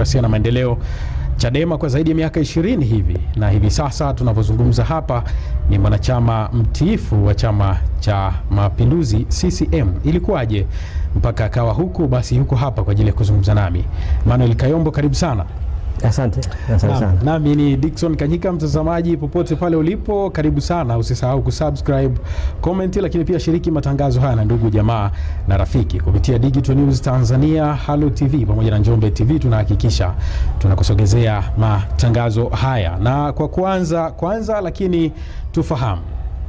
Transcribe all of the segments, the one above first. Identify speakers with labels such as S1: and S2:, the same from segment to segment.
S1: Demokrasia na Maendeleo Chadema kwa zaidi ya miaka ishirini hivi, na hivi sasa tunavyozungumza hapa ni mwanachama mtiifu wa Chama cha Mapinduzi CCM. Ilikuwaje mpaka akawa huku basi yuko hapa kwa ajili ya kuzungumza nami? Manuel Kayombo, karibu sana. Asante, asante sana. Nami ni Dickson Kanyika, mtazamaji popote pale ulipo, karibu sana. Usisahau kusubscribe, comment, lakini pia shiriki matangazo haya na ndugu jamaa na rafiki kupitia Digital News Tanzania, Halo TV pamoja na Njombe TV. Tunahakikisha tunakusogezea matangazo haya, na kwa kuanza kwanza, lakini tufahamu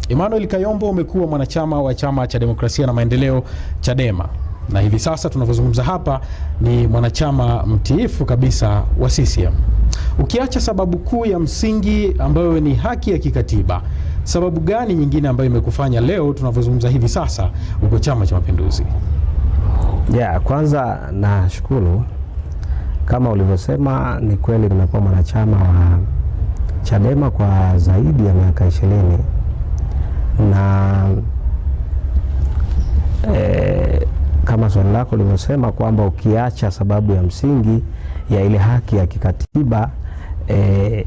S1: Emmanuel Kayombo, umekuwa mwanachama wa chama cha demokrasia na maendeleo Chadema na hivi sasa tunavyozungumza hapa ni mwanachama mtiifu kabisa wa CCM. Ukiacha sababu kuu ya msingi ambayo ni haki ya kikatiba, sababu gani nyingine ambayo imekufanya leo tunavyozungumza hivi sasa uko Chama cha Mapinduzi?
S2: Yeah, kwanza nashukuru kama ulivyosema, ni kweli nimekuwa mwanachama wa Chadema kwa zaidi ya miaka ishirini na eh, kama swali lako lilivyosema kwamba ukiacha sababu ya msingi ya ile haki ya kikatiba e,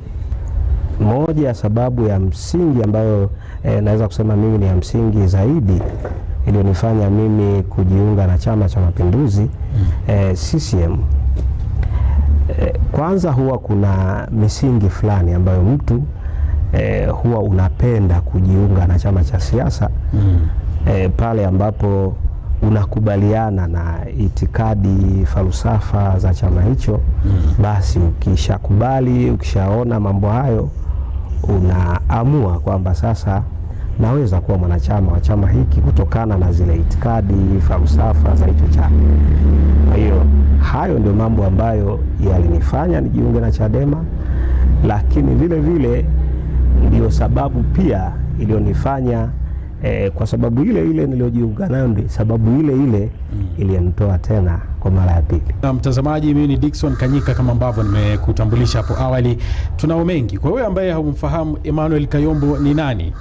S2: moja ya sababu ya msingi ambayo e, naweza kusema mimi ni ya msingi zaidi iliyonifanya mimi kujiunga na Chama cha Mapinduzi e, CCM e, kwanza huwa kuna misingi fulani ambayo mtu e, huwa unapenda kujiunga na chama cha siasa mm. e, pale ambapo unakubaliana na itikadi falsafa za chama hicho mm. Basi ukishakubali ukishaona mambo hayo, unaamua kwamba sasa naweza kuwa mwanachama wa chama hiki kutokana na zile itikadi falsafa za hicho chama. Kwa hiyo hayo ndio mambo ambayo yalinifanya nijiunge na Chadema, lakini vile vile ndiyo sababu pia iliyonifanya eh, kwa sababu ile ile nayo nambi sababu ile ile mm iliyonitoa tena kwa mara ya pili.
S1: Na mtazamaji, mimi ni Dickson Kanyika, kama ambavyo nimekutambulisha hapo awali, tunao mengi kwa wewe ambaye haumfahamu Emmanuel Kayombo ni nani.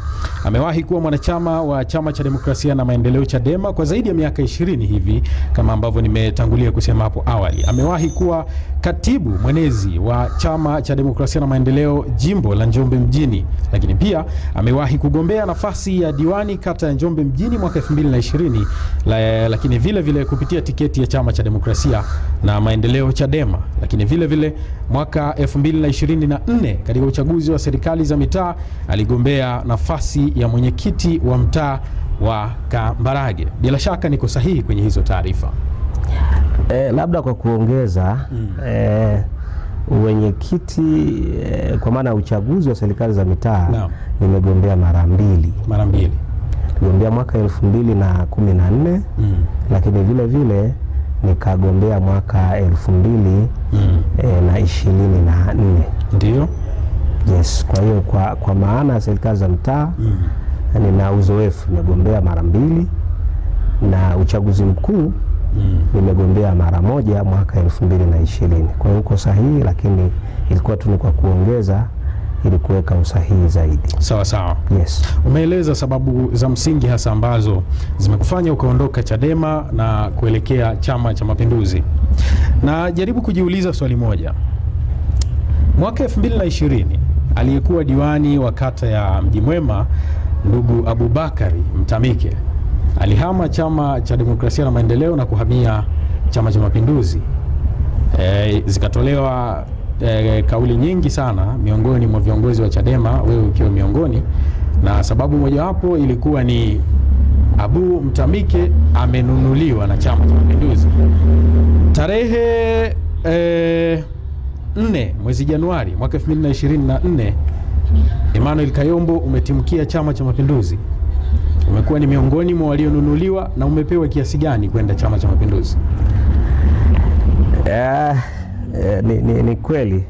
S1: Amewahi kuwa mwanachama wa chama cha demokrasia na maendeleo Chadema kwa zaidi ya miaka ishirini hivi, kama ambavyo nimetangulia kusema hapo awali. Amewahi kuwa katibu mwenezi wa chama cha demokrasia na maendeleo jimbo la Njombe mjini, lakini pia amewahi kugombea nafasi ya diwani kata ya Njombe mjini mwaka 2020 la, lakini vile vile kupitia tiketi ya chama cha demokrasia na maendeleo Chadema. Lakini vile vile mwaka 2024 katika uchaguzi wa serikali za mitaa aligombea nafasi ya mwenyekiti wa mtaa wa Kambarage. Bila shaka niko sahihi kwenye hizo taarifa.
S2: E, labda kwa kuongeza mm. e, wenyekiti e, kwa maana uchaguzi wa serikali za mitaa nimegombea mara mbili mara mbili niligombea mwaka elfu mbili na kumi na nne mm. lakini vile vile nikagombea mwaka elfu mbili mm. e, na ishirini na nne ndio yes. Kwa hiyo kwa, kwa maana ya serikali za mtaa mm. nina uzoefu, nimegombea mara mbili na uchaguzi mkuu mm. nimegombea mara moja mwaka elfu mbili na ishirini. Kwa hiyo uko sahihi, lakini ilikuwa tu ni kwa kuongeza ili kuweka usahihi zaidi. Sawa sawa. Yes.
S1: Umeeleza sababu za msingi hasa ambazo zimekufanya ukaondoka Chadema na kuelekea Chama cha Mapinduzi. Na jaribu kujiuliza swali moja. Mwaka 2020 aliyekuwa diwani wa kata ya Mji Mwema ndugu Abubakari Mtamike alihama Chama cha Demokrasia na Maendeleo na kuhamia Chama cha Mapinduzi. E, zikatolewa eh, kauli nyingi sana miongoni mwa viongozi wa Chadema, wewe ukiwa miongoni, na sababu mojawapo ilikuwa ni Abu Mtamike amenunuliwa na Chama cha Mapinduzi tarehe eh, mwezi Januari mwaka 2024. Emmanuel Kayombo umetimkia Chama cha Mapinduzi, umekuwa ni miongoni mwa walionunuliwa na umepewa kiasi gani kwenda Chama cha Mapinduzi?
S2: yeah. Eh, ni, ni, ni kweli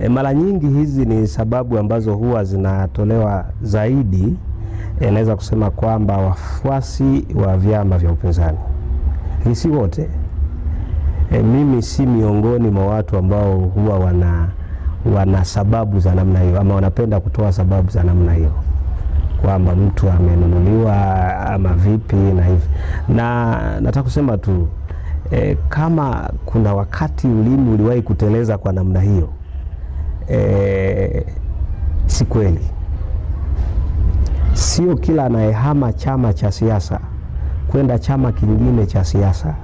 S2: e, mara nyingi hizi ni sababu ambazo huwa zinatolewa zaidi e, naweza kusema kwamba wafuasi wa vyama vya upinzani ni si wote. E, mimi si miongoni mwa watu ambao huwa wana wana sababu za namna hiyo ama wanapenda kutoa sababu za namna hiyo kwamba mtu amenunuliwa ama vipi na hivi, na nataka kusema tu E, kama kuna wakati ulimi uliwahi kuteleza kwa namna hiyo e, si kweli. Sio kila anayehama chama cha siasa kwenda chama kingine cha siasa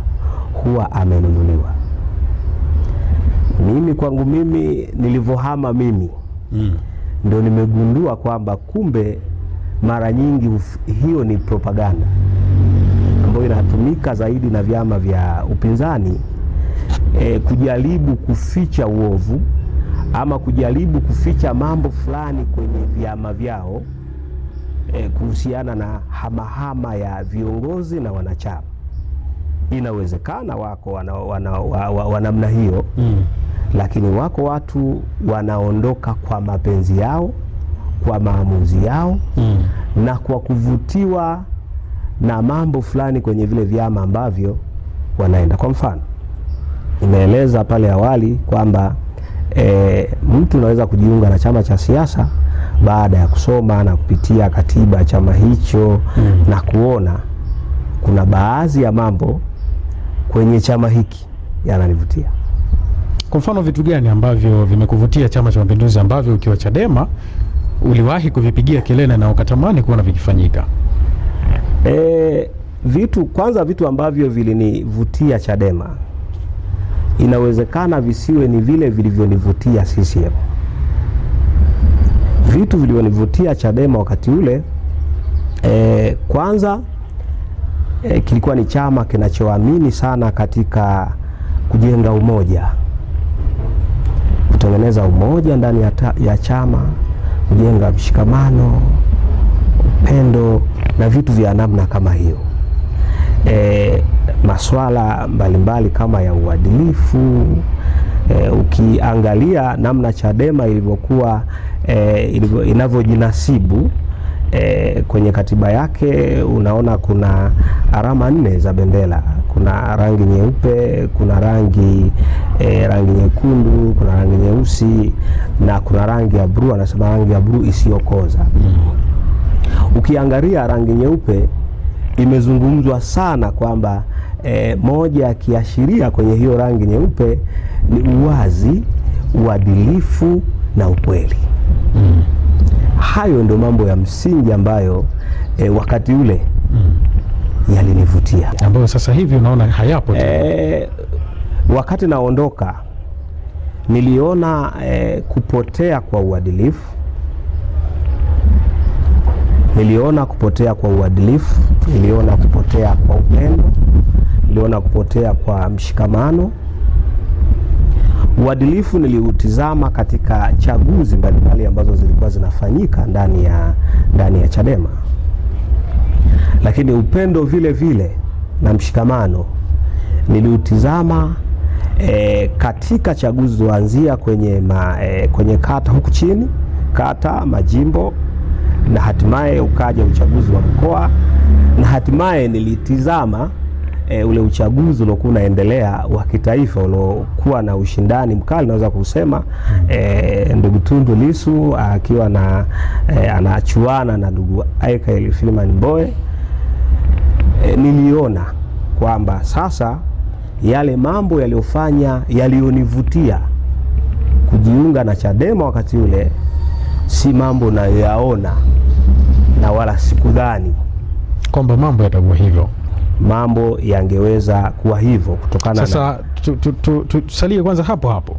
S2: huwa amenunuliwa. Mimi kwangu mimi nilivyohama mimi mm, ndio nimegundua kwamba kumbe mara nyingi hiyo ni propaganda ambayo inatumika zaidi na vyama vya upinzani e, kujaribu kuficha uovu ama kujaribu kuficha mambo fulani kwenye vyama vyao e, kuhusiana na hamahama ya viongozi na wanachama. Inawezekana wako wana, wana, wana, wana namna hiyo mm. Lakini wako watu wanaondoka kwa mapenzi yao, kwa maamuzi yao mm. na kwa kuvutiwa na mambo fulani kwenye vile vyama ambavyo wanaenda. Kwa mfano, nimeeleza pale awali kwamba e, mtu unaweza kujiunga na chama cha siasa baada ya kusoma na kupitia katiba ya chama hicho mm. na kuona kuna baadhi ya mambo kwenye chama hiki yananivutia.
S1: Kwa mfano, vitu gani ambavyo vimekuvutia Chama cha Mapinduzi ambavyo ukiwa Chadema uliwahi kuvipigia kelele na ukatamani kuona vikifanyika?
S2: E, vitu kwanza, vitu ambavyo vilinivutia Chadema inawezekana visiwe ni vile vilivyonivutia CCM. Vitu vilivyonivutia Chadema wakati ule e, kwanza e, kilikuwa ni chama kinachoamini sana katika kujenga umoja, kutengeneza umoja ndani ya, ta, ya chama, kujenga mshikamano, upendo na vitu vya namna kama hiyo. E, maswala mbalimbali kama ya uadilifu e, ukiangalia namna Chadema ilivyokuwa e, inavyojinasibu e, kwenye katiba yake unaona kuna alama nne za bendera kuna rangi nyeupe, kuna rangi e, rangi nyekundu, kuna rangi nyeusi na kuna rangi ya bluu. Anasema rangi ya bluu isiyokoza. Mm. Ukiangalia rangi nyeupe imezungumzwa sana kwamba e, moja ya kiashiria kwenye hiyo rangi nyeupe ni uwazi, uadilifu na ukweli. mm. Hayo ndio mambo ya msingi ambayo e, wakati ule mm. yalinivutia
S1: ambayo sasa hivi unaona hayapo
S2: E, wakati naondoka niliona e, kupotea kwa uadilifu Niliona kupotea kwa uadilifu, niliona kupotea kwa upendo, niliona kupotea kwa mshikamano. Uadilifu niliutizama katika chaguzi mbalimbali ambazo zilikuwa zinafanyika ndani ya, ndani ya Chadema, lakini upendo vile vile na mshikamano niliutizama e, katika chaguzi zilizoanzia kwenye, ma, e, kwenye kata huku chini, kata, majimbo na hatimaye ukaja uchaguzi wa mkoa na hatimaye nilitizama e, ule uchaguzi uliokuwa unaendelea wa kitaifa uliokuwa na ushindani mkali naweza kusema e, ndugu Tundu Lissu akiwa na e, anachuana na ndugu Aikael Freeman Mbowe e, niliona kwamba sasa yale mambo yaliyofanya yaliyonivutia kujiunga na Chadema wakati ule si mambo nayoyaona na wala sikudhani
S1: kwamba mambo yatakuwa hivyo,
S2: mambo yangeweza kuwa hivyo kutokana
S1: sasa na... tusalie tu, tu, kwanza hapo hapo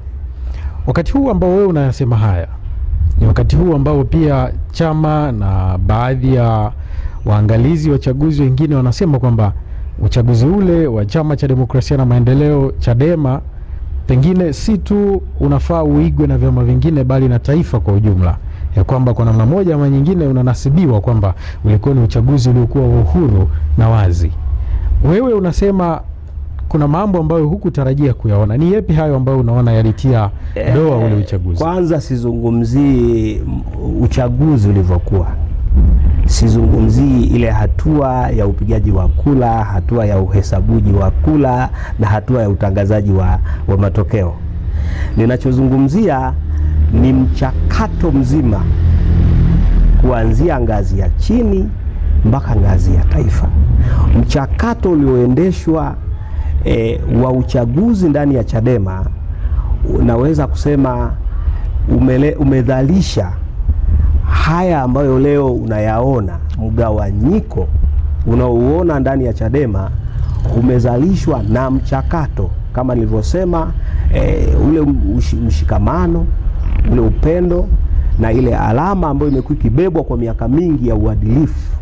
S1: wakati huu ambao wewe unayasema haya ni wakati huu ambao pia chama na baadhi ya waangalizi wachaguzi wengine wanasema kwamba uchaguzi ule wa chama cha demokrasia na maendeleo Chadema pengine si tu unafaa uigwe na vyama vingine, bali na taifa kwa ujumla ya kwamba kwa namna moja ama nyingine unanasibiwa kwamba ulikuwa ni uchaguzi uliokuwa wa uhuru na wazi. Wewe unasema kuna mambo ambayo hukutarajia kuyaona. Ni yapi hayo ambayo unaona yalitia eh, doa ule uchaguzi?
S2: Kwanza sizungumzii uchaguzi ulivyokuwa, sizungumzii ile hatua ya upigaji wa kula, hatua ya uhesabuji wa kula na hatua ya utangazaji wa, wa matokeo. Ninachozungumzia ni mchakato mzima kuanzia ngazi ya chini mpaka ngazi ya taifa, mchakato ulioendeshwa e, wa uchaguzi ndani ya Chadema unaweza kusema umele, umedhalisha haya ambayo leo unayaona. Mgawanyiko unaouona ndani ya Chadema umezalishwa na mchakato, kama nilivyosema eh, ule mshikamano ule upendo na ile alama ambayo imekuwa ikibebwa kwa miaka mingi ya uadilifu.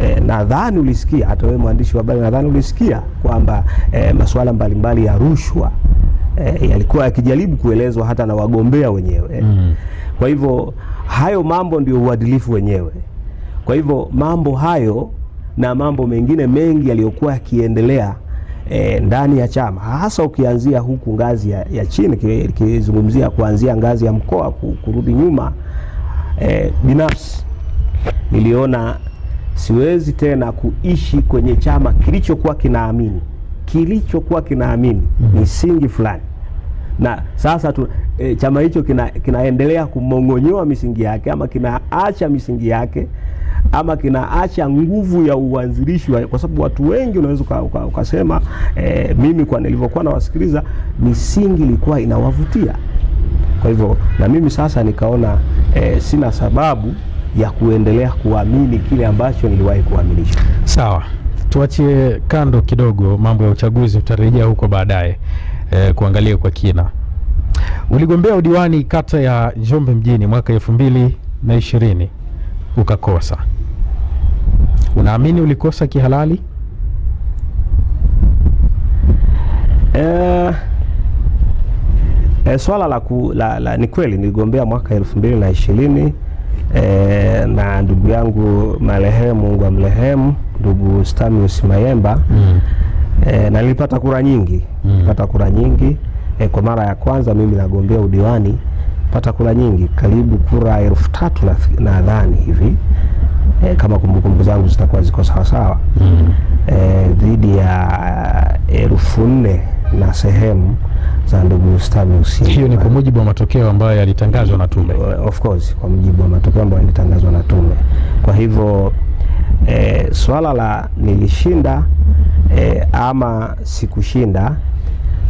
S2: E, nadhani ulisikia hata wewe mwandishi wa habari, nadhani ulisikia kwamba e, masuala mbalimbali ya rushwa e, yalikuwa yakijaribu kuelezwa hata na wagombea wenyewe mm. Kwa hivyo hayo mambo ndio uadilifu wenyewe. Kwa hivyo mambo hayo na mambo mengine mengi yaliyokuwa yakiendelea e, ndani ya chama, hasa ukianzia huku ngazi ya, ya chini, ikizungumzia kuanzia ngazi ya mkoa kurudi nyuma. E, binafsi niliona siwezi tena kuishi kwenye chama kilichokuwa kinaamini kilichokuwa kinaamini misingi mhm. fulani, na sasa tu, e, chama hicho kina, kinaendelea kumong'onyoa misingi yake ama kinaacha misingi yake ama kinaacha nguvu ya uanzilishi, kwa sababu watu wengi unaweza ukasema e, mimi kwa nilivyokuwa nawasikiliza misingi ilikuwa inawavutia. Kwa hivyo na mimi sasa nikaona e, sina sababu ya kuendelea kuamini kile ambacho niliwahi kuaminisha.
S1: Sawa, tuachie kando kidogo mambo ya uchaguzi, tutarejea huko baadaye e, kuangalia kwa kina. Uligombea udiwani kata ya Njombe mjini mwaka elfu mbili na ishirini ukakosa. Unaamini ulikosa kihalali?
S2: Eh, e, swala la, ku, la, la ni kweli niligombea mwaka elfu mbili na ishirini e, na ndugu yangu marehemu Mungu amrehemu ndugu Stamius Mayemba mm. e, na nilipata kura nyingi mm. pata kura nyingi e, kwa mara ya kwanza mimi nagombea udiwani pata kura nyingi karibu kura elfu tatu nadhani na hivi eh, kama kumbukumbu zangu zitakuwa ziko sawasawa mm. eh, dhidi ya elfu nne na sehemu za ndugu Stanley Usinda. Hiyo ni
S1: kwa mujibu wa matokeo ambayo yalitangazwa na tume. Eh,
S2: of course, kwa mujibu wa matokeo ambayo yalitangazwa na tume. Kwa hivyo e, swala la nilishinda e, ama sikushinda,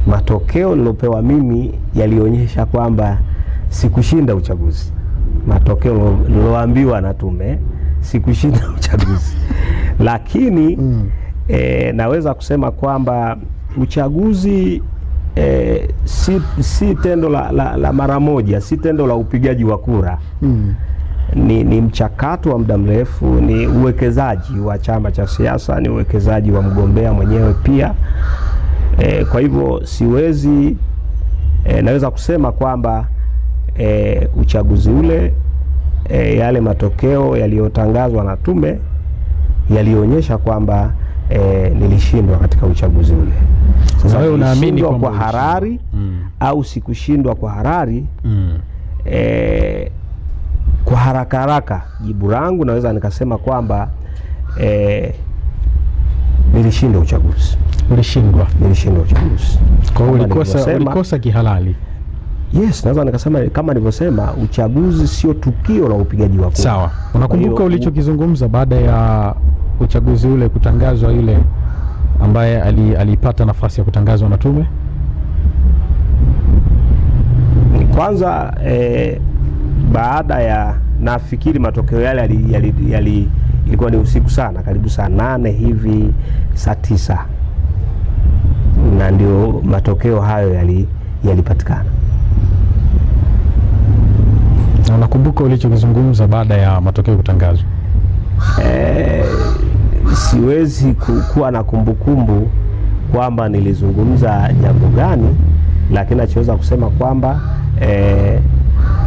S2: matokeo nilopewa mimi yalionyesha kwamba sikushinda uchaguzi. Matokeo niloambiwa na tume sikushinda uchaguzi lakini mm. e, naweza kusema kwamba uchaguzi e, si, si tendo la, la, la mara moja, si tendo la upigaji wa kura mm. Ni, ni mchakato wa muda mrefu, ni uwekezaji wa chama cha siasa, ni uwekezaji wa mgombea mwenyewe pia e, kwa hivyo siwezi e, naweza kusema kwamba e, uchaguzi ule e, yale matokeo yaliyotangazwa na tume yalionyesha kwamba e, nilishindwa katika uchaguzi ule.
S1: Sasa wewe unaamini kwa,
S2: kwa Harari mm. au sikushindwa kwa Harari mm. e, kwa haraka haraka jibu langu naweza nikasema kwamba e, nilishinda uchaguzi. Ulishindwa? Nilishindwa uchaguzi.
S1: Kwa hiyo ulikosa, ulikosa kihalali
S2: Yes, naweza nikasema kama nilivyosema, uchaguzi sio tukio la upigaji wa kura. Sawa,
S1: unakumbuka ulichokizungumza baada ya uchaguzi ule kutangazwa, yule ambaye alipata nafasi ya kutangazwa na tume
S2: kwanza eh, baada ya nafikiri matokeo yale yali, yali, yali, ilikuwa ni usiku sana, karibu saa nane hivi saa tisa, na ndio matokeo hayo yalipatikana yali
S1: na unakumbuka ulichokizungumza baada ya matokeo kutangazwa?
S2: E, siwezi kuwa na kumbukumbu kwamba nilizungumza jambo gani, lakini nachoweza kusema kwamba e,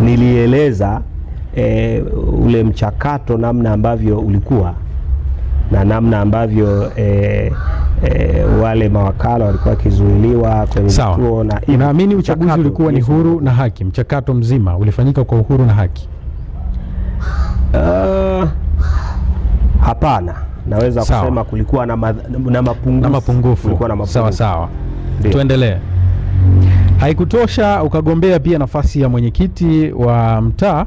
S2: nilieleza e, ule mchakato namna ambavyo ulikuwa na namna ambavyo e, e, wale mawakala walikuwa wakizuiliwa kwenye
S1: vituo. Na unaamini uchaguzi ulikuwa ni huru na haki? Mchakato mzima ulifanyika kwa uhuru na haki?
S2: Uh, hapana, naweza sawa kusema kulikuwa na, ma, na mapungufu, na
S1: mapungufu. Kulikuwa na mapungufu. Sawa sawa, tuendelee. Haikutosha, ukagombea pia nafasi ya mwenyekiti wa mtaa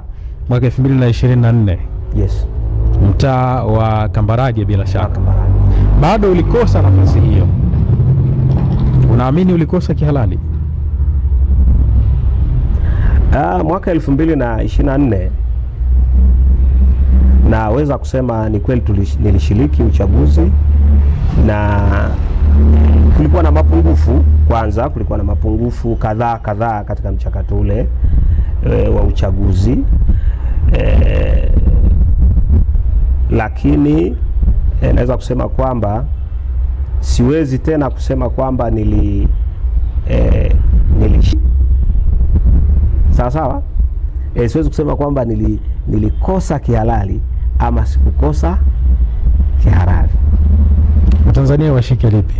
S1: mwaka 2024. Yes, mtaa wa Kambarage bila shaka Kambarage bado ulikosa nafasi hiyo. Unaamini ulikosa kihalali?
S2: Aa, ah, mwaka elfu mbili na ishirini na nne naweza kusema ni kweli nilishiriki uchaguzi na kulikuwa na mapungufu. Kwanza kulikuwa na mapungufu kadhaa kadhaa katika mchakato ule e, wa uchaguzi e, lakini e, naweza kusema kwamba siwezi tena kusema kwamba nili e, nili sawa sawa e, siwezi kusema kwamba nili, nilikosa kihalali ama sikukosa kihalali.
S1: Watanzania washike lipi?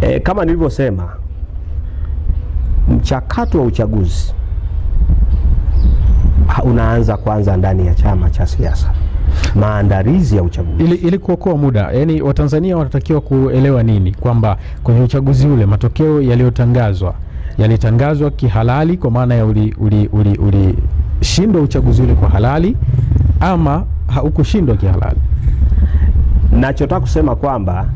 S2: E, kama nilivyosema mchakato wa uchaguzi unaanza kwanza ndani ya chama cha siasa maandalizi ya uchaguzi ili,
S1: ili kuokoa muda. Yani Watanzania wanatakiwa kuelewa nini? Kwamba kwenye uchaguzi ule matokeo yaliyotangazwa yalitangazwa kihalali, kwa maana ya ulishindwa uli, uli, uli uchaguzi ule kwa halali, ama haukushindwa kihalali.
S2: Nachotaka kusema kwamba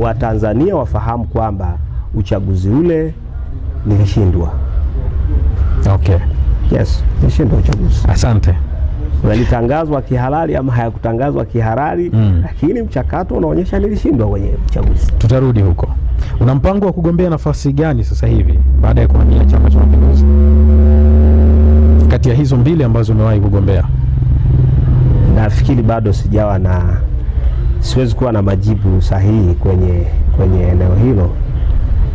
S2: Watanzania wa wafahamu kwamba uchaguzi ule nilishindwa. Okay. Yes, nilishindwa uchaguzi. Asante yalitangazwa kihalali ama hayakutangazwa kihalali mm. Lakini mchakato unaonyesha nilishindwa kwenye uchaguzi.
S1: Tutarudi huko. Una mpango wa kugombea nafasi gani sasa hivi baada ya kuhamia Chama cha Mapinduzi, kati ya hizo mbili ambazo umewahi kugombea?
S2: Nafikiri bado sijawa na, siwezi kuwa na majibu sahihi kwenye kwenye eneo hilo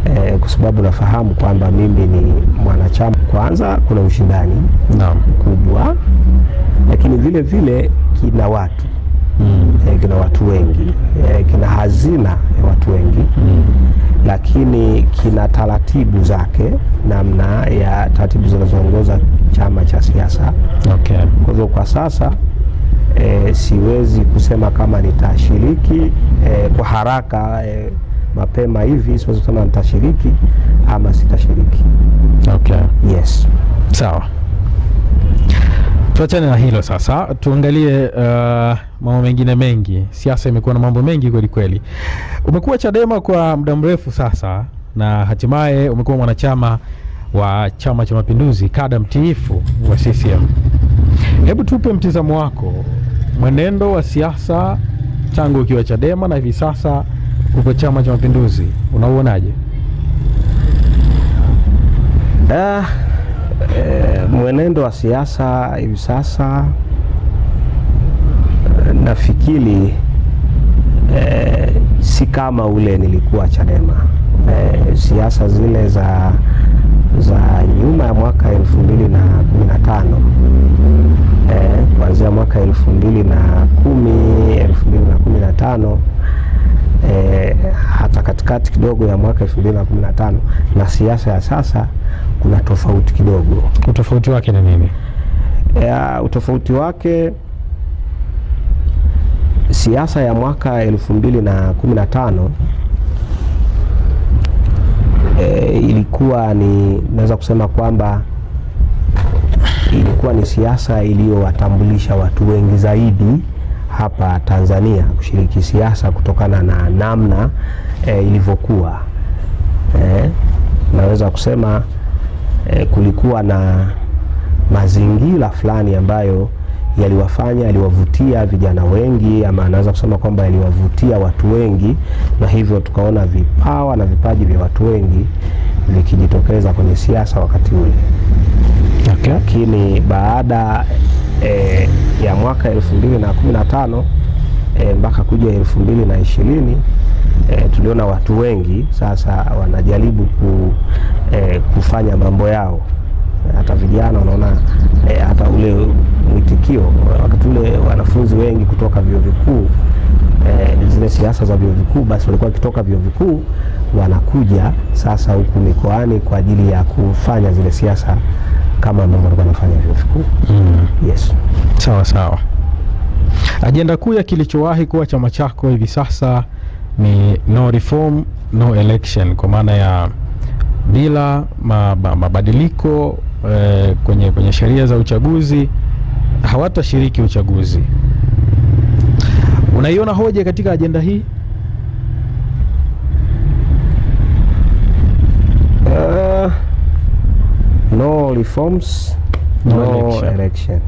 S2: e, kwa sababu nafahamu kwamba mimi ni mwanachama. Kwanza kuna ushindani Naam. kubwa, lakini vile vile kina watu mm. e, kina watu wengi e, kina hazina ya watu wengi mm. lakini kina taratibu zake, namna ya taratibu zinazoongoza chama cha siasa okay. Kwa hivyo kwa sasa E, siwezi kusema kama nitashiriki e, kwa haraka e, mapema hivi, siwezi kusema nitashiriki ama sitashiriki. Okay. Yes.
S1: Sawa. Tuachane na hilo sasa, tuangalie uh, mambo mengine mengi. Siasa imekuwa na mambo mengi kweli kweli. Umekuwa Chadema kwa muda mrefu sasa na hatimaye umekuwa mwanachama wa Chama cha Mapinduzi, kada mtiifu wa CCM. Hebu tupe mtizamo wako mwenendo wa siasa tangu ukiwa Chadema na hivi sasa huko Chama cha Mapinduzi, unauonaje?
S2: Ah, eh, mwenendo wa siasa hivi sasa eh, nafikiri eh, si kama ule nilikuwa Chadema. eh, siasa zile za za nyuma ya mwaka elfu mbili na kumi na tano eh, kuanzia mwaka elfu mbili na kumi elfu mbili na kumi na tano e, hata katikati kidogo ya mwaka 2015 na siasa ya sasa kuna tofauti kidogo.
S1: Utofauti wake ni nini?
S2: E, utofauti wake siasa ya mwaka 2015 e, eh, ilikuwa ni naweza kusema kwamba ilikuwa ni siasa iliyowatambulisha watu wengi zaidi hapa Tanzania kushiriki siasa kutokana na namna e, ilivyokuwa e, naweza kusema e, kulikuwa na mazingira fulani ambayo yaliwafanya yaliwavutia vijana wengi, ama anaweza kusema kwamba yaliwavutia watu wengi, na hivyo tukaona vipawa na vipaji vya watu wengi vikijitokeza kwenye siasa wakati ule okay. Lakini baada e, ya mwaka 2015 e, eh, mpaka kuja 2020 e, eh, tuliona watu wengi sasa wanajaribu ku, e, kufanya mambo yao hata vijana wanaona e, hata ule mwitikio wakati ule wanafunzi wengi kutoka vyuo vikuu e, zile siasa za vyuo vikuu, basi walikuwa wakitoka vyuo vikuu wanakuja sasa huku mikoani kwa ajili ya kufanya zile siasa kama ndio walikuwa wanafanya vyuo vikuu mm. Yes,
S1: sawa sawa. Ajenda kuu ya kilichowahi kuwa chama chako hivi sasa ni no reform no election, kwa maana ya bila mabadiliko eh, kwenye, kwenye sheria za uchaguzi hawatashiriki uchaguzi. Unaiona hoja katika ajenda hii?
S2: Uh no reforms, no, no election. election.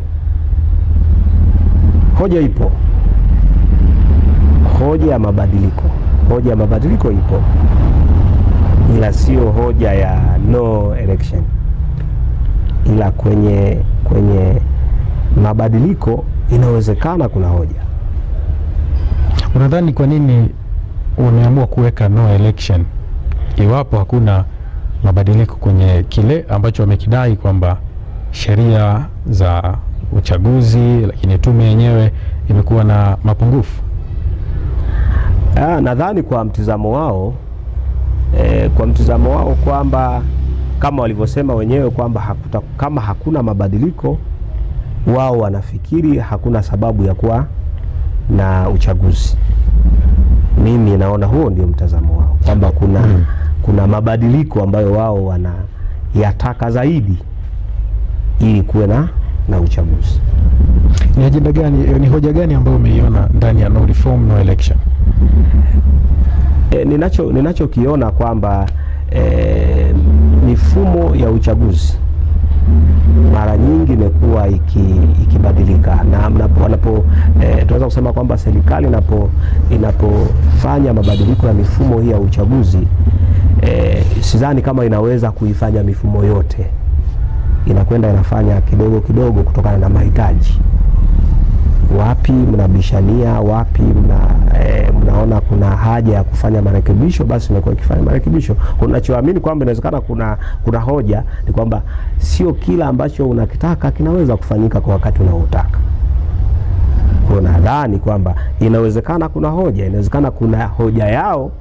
S2: Hoja ipo, hoja ya mabadiliko, hoja ya mabadiliko ipo, ila sio hoja ya no election, ila kwenye kwenye mabadiliko inawezekana kuna hoja.
S1: Unadhani kwa nini umeamua kuweka no election iwapo hakuna mabadiliko kwenye kile ambacho wamekidai kwamba sheria za uchaguzi, lakini tume yenyewe imekuwa na mapungufu.
S2: Ah, nadhani kwa mtizamo wao e, kwa mtizamo wao kwamba kama walivyosema wenyewe kwamba hakuta, kama hakuna mabadiliko, wao wanafikiri hakuna sababu ya kuwa na uchaguzi. Mimi naona huo ndio mtazamo wao kwamba kuna hmm kuna mabadiliko ambayo wao wanayataka zaidi ili kuwe na, na uchaguzi.
S1: Ni ajenda gani, ni hoja gani ambayo umeiona ndani ya no reform no election?
S2: E, ninacho ninachokiona kwamba e, mifumo ya uchaguzi mara nyingi imekuwa ikibadilika iki na mnapo, wanapo e, tunaweza kusema kwamba serikali inapo inapofanya mabadiliko ya mifumo hii ya uchaguzi e, sidhani kama inaweza kuifanya mifumo yote, inakwenda inafanya kidogo kidogo kutokana na mahitaji wapi mnabishania, wapi mna, e, mnaona kuna haja ya kufanya marekebisho, basi umekuwa ikifanya marekebisho. Unachoamini kwamba inawezekana kuna, kuna hoja ni kwamba sio kila ambacho unakitaka kinaweza kufanyika kwa wakati unaotaka. Nadhani kwamba inawezekana kuna hoja, inawezekana kuna hoja yao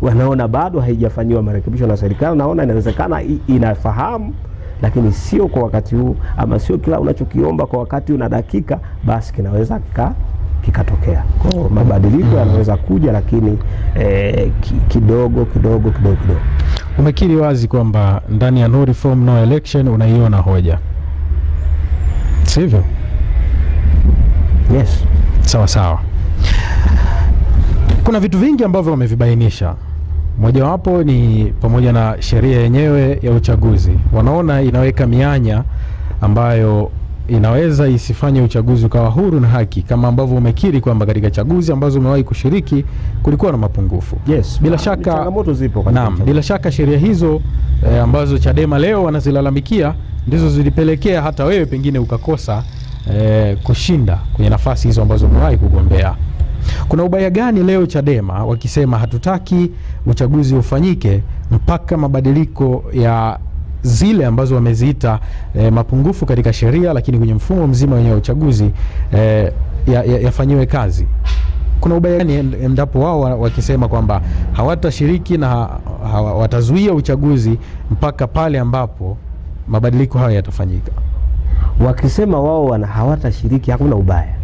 S2: wanaona bado haijafanyiwa marekebisho na serikali, naona inawezekana inafahamu lakini sio kwa wakati huu, ama sio kila unachokiomba kwa wakati una dakika basi kinaweza kika kikatokea kwao. Mabadiliko yanaweza kuja, lakini eh, kidogo kidogo kidogo kidogo.
S1: Umekiri wazi kwamba ndani ya no reform no election unaiona hoja, sivyo? Yes, sawa sawa. Kuna vitu vingi ambavyo wamevibainisha Mojawapo ni pamoja na sheria yenyewe ya uchaguzi, wanaona inaweka mianya ambayo inaweza isifanye uchaguzi ukawa huru na haki, kama ambavyo umekiri kwamba katika chaguzi ambazo umewahi kushiriki kulikuwa na mapungufu.
S2: Yes, bila na, shaka
S1: changamoto zipo. Naam, bila shaka sheria hizo e, ambazo Chadema leo wanazilalamikia ndizo zilipelekea hata wewe pengine ukakosa e, kushinda kwenye nafasi hizo ambazo umewahi kugombea. Kuna ubaya gani leo Chadema wakisema hatutaki uchaguzi ufanyike mpaka mabadiliko ya zile ambazo wameziita e, mapungufu katika sheria, lakini kwenye mfumo mzima wenye uchaguzi e, eh, yafanyiwe ya, ya kazi? Kuna ubaya gani endapo wao wakisema kwamba hawatashiriki na watazuia uchaguzi mpaka pale ambapo mabadiliko hayo yatafanyika?
S2: Wakisema wao hawatashiriki, hakuna ubaya